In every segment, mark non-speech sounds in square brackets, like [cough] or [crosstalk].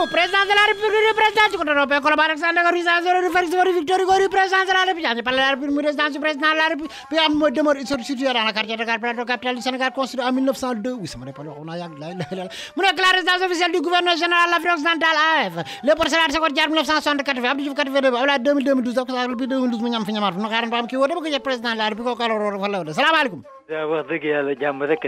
నువ్వు ప్రెసిడెన్స్ de la République présidence contre le colombe Alexandre Rizaz de Félix Mori Victor Gori présidence de la République par la République présidence du de la République puis am mooy demeure la quartier de Dakar capitale du Sénégal construit en 1902 oui sama dépalo on mu nekk la résidence officielle du gouverneur général de l'Afrique occidentale AF le président Senghor Diar 1964 Abdou Diouf 82 Abdoulaye 2000 2012 ak bi 2012 mu ñam fi ñamaat no la République ko kala wala salaamaaleykum wax dëgg yàlla jàmm rek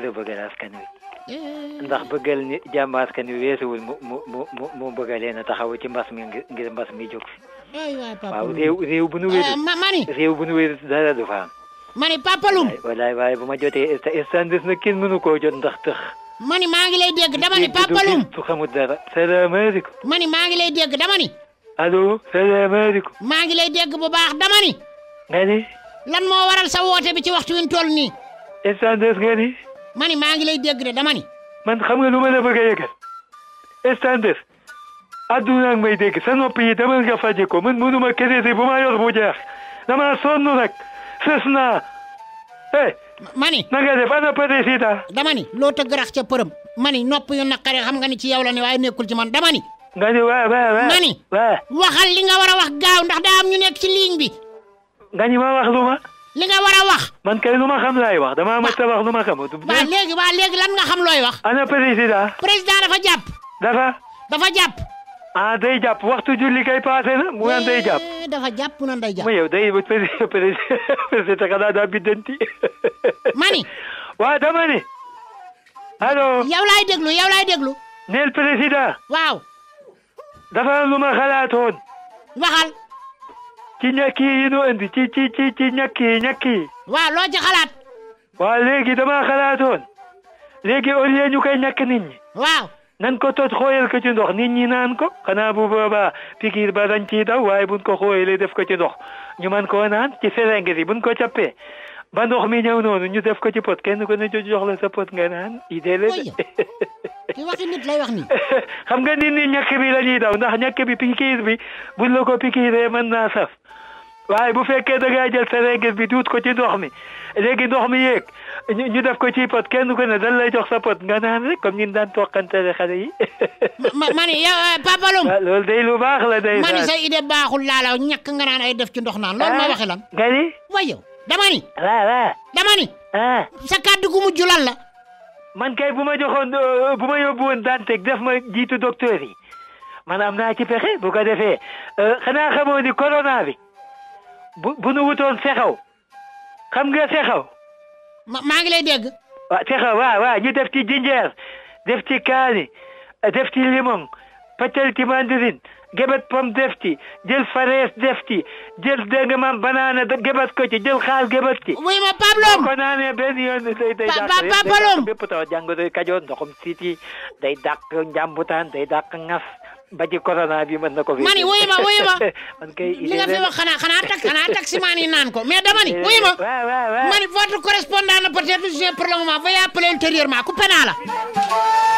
ndax bëggal ni jàmm askan wi weesuwul mu mu mu mu bëgg leen a taxaw ci mbas mi ngir mbas mi jóg fi. waaw réew bu nu wéeru. Ah, bu nu wéeru dara du fa mani Papa Loum. waaye bu ma jotee instant des na kenn mënu koo jot ndax tëx. mani maa ngi lay dégg dama ni Papa Loum. du xamul dara. salaamaaleykum. mani maa ngi lay dégg dama ni. allo. salaamaaleykum. maa ngi lay dégg bu baax dama ni. lan moo waral sa woote bi ci waxtu wi ñu toll nii. ma maa ngi lay dégg de dama ni. man xam nga lu ma la bëgg a yëgal standard adduna ak may dégg sa nopp yi dama nga fajee ko man mënu ma kese si bu ma yor bu jeex dama sonn nag sës naa eh. ma ni na nga def ana président. dama ni loo ta garax ca përëm. ma ni nopp yu naqare xam nga ni ci yow la ne waaye nekkul ci man dama ni. nga ni waaw waaw waaw ma waxal li nga a wax gaaw ndax daa ñu nekk ci ligne bi. nga ni ma wax lu li nga wax. man kay lu ma xam laay wax damaa ma tabax lu ma xamut. waaw léegi waaw léegi lan nga xam looy wax. ana président. président dafa jàpp. dafa. dafa jàpp. ah day jàpp waxtu julli na day eh, jàpp. dafa jàpp mu naan day jàpp. mu yow day président président [laughs] xanaa daa biddanti. [laughs] mani. waaw dama ni. allo. yow laay déglu yow laay déglu. neel dafa lu ma xalaatoon. waxal. Chinyaki yinu andi chi chi chi chinyaki nyaki. Wa loja khalat. Wa legi dama khalatun. Legi olya nyuka nyaki ninyi. Wow. nan ko tot xoyel ko ci ndox nit ñi naan ko xanaa bu boobaa pikir ba dañ ciy daw waaye buñ ko xooyalee def ko ci ndox ñu man koo naan ci ferenge si buñ ko cappee e, ba ndox mi ñëw noonu ñu def ko ci pot kenn ko ne jo jox la sa pot nga naan idée la ki waxi nit lay wax ni [laughs] xam nga nit ñi ñàkk bi la daw ndax ñàkk bi pikir bi buñ la ko pikiree mën naa saf waaye bu fekkee da ngaa jël sa règle bi duut ko ci ndox mi léegi ndox mi yéeg ñu def ko ci pot kenn ku ne dan lay jox sa pot nga naan rek comme ñun daan toqanteere xale yi. ma ma ni yow Papa Loum. loolu day lu baax la day. ma ni sa idée baaxul laala ñàkk nga naan ay def ci ndox naan. loolu ma waxi lan. nga ni. waaye yow dama ni. waaw waaw. dama ni. ah. sa kàddu gu mujj lan la. man kay bu ma joxoon bu ma yóbbu woon Dantec def ma jiitu docteur yi man am naa ci pexe bu ko defee xanaa xamoo ni corona bi. bu bu nu wutoon sexaw xam nga sexaw. maa ngi lay dégg. waaw sexaw waaw waaw ñu def ci jinjeer def ci kaani def ci limon patel ci mandarine gebet pomme def ci jël fraise def ci jël dégg maam banaana gebet ko ci jël xaal gebet ci. ma Pablo. ko naanee benn yoon day day dàq day dàq bépp taw jàngoro day dàq njàmbutaan dàq ŋas. ba ci corona bi mën na ko. mani wuyu ma wuyu ma [laughs] man kay li nga yi naan ko mais dama ni eh, wuyu mani votre correspondant na peut-être je pour le moment veuillez appeler ultérieurement coupé naa